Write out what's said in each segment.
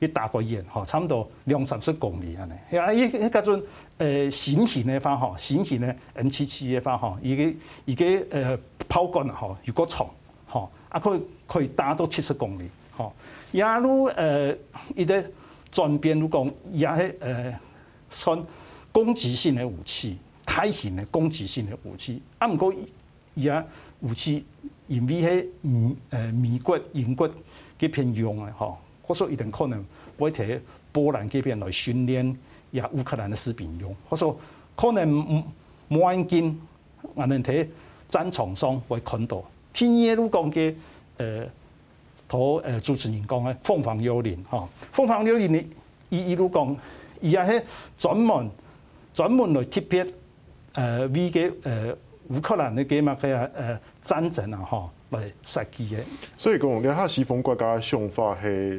去打過人，吼，差唔多兩三十公里啊！你啊，依依嗰陣誒新型嘅法吼，新型咧，M 七七花，法吼，伊依伊誒跑炮管吼，又果粗，吼，啊可以打到七十公里，嚇，也都誒依啲轉變都講，也迄誒算攻擊性嘅武器，大型嘅攻擊性嘅武器，啊唔過伊啊，武器因，因迄喺誒美國英國幾偏用嘅，吼、呃。我說一定可能，我睇波蘭這邊來訓練亞烏克蘭的士兵用。我說可能說、呃，魔幻鏡，我能睇戰場上會看到。聽耶魯講嘅，呃，土呃主持人講的鳳凰幽靈，哈，鳳凰幽靈，伊伊魯講，伊也是專門專門來特別呃美嘅呃烏克蘭嘅咁樣嘅呃戰爭啊，哈、哦，來設計的。所以講，你睇西方國家的想法係。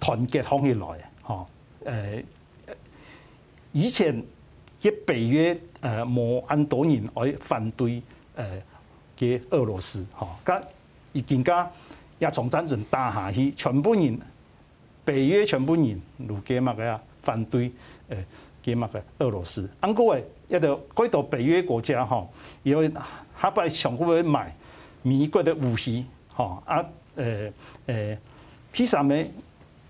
團結來嚟，嚇！誒，以前嘅北約誒，冇咁多人去反對誒，嘅俄羅斯，嚇！咁而家一從戰爭打下去，全部人北約全部人都咁啊，反對誒咁啊個俄羅斯。咁各誒，一到嗰度北約國家，嚇，因為佢唔上，想佢會買美國的武器，嚇、啊！阿誒誒披薩梅。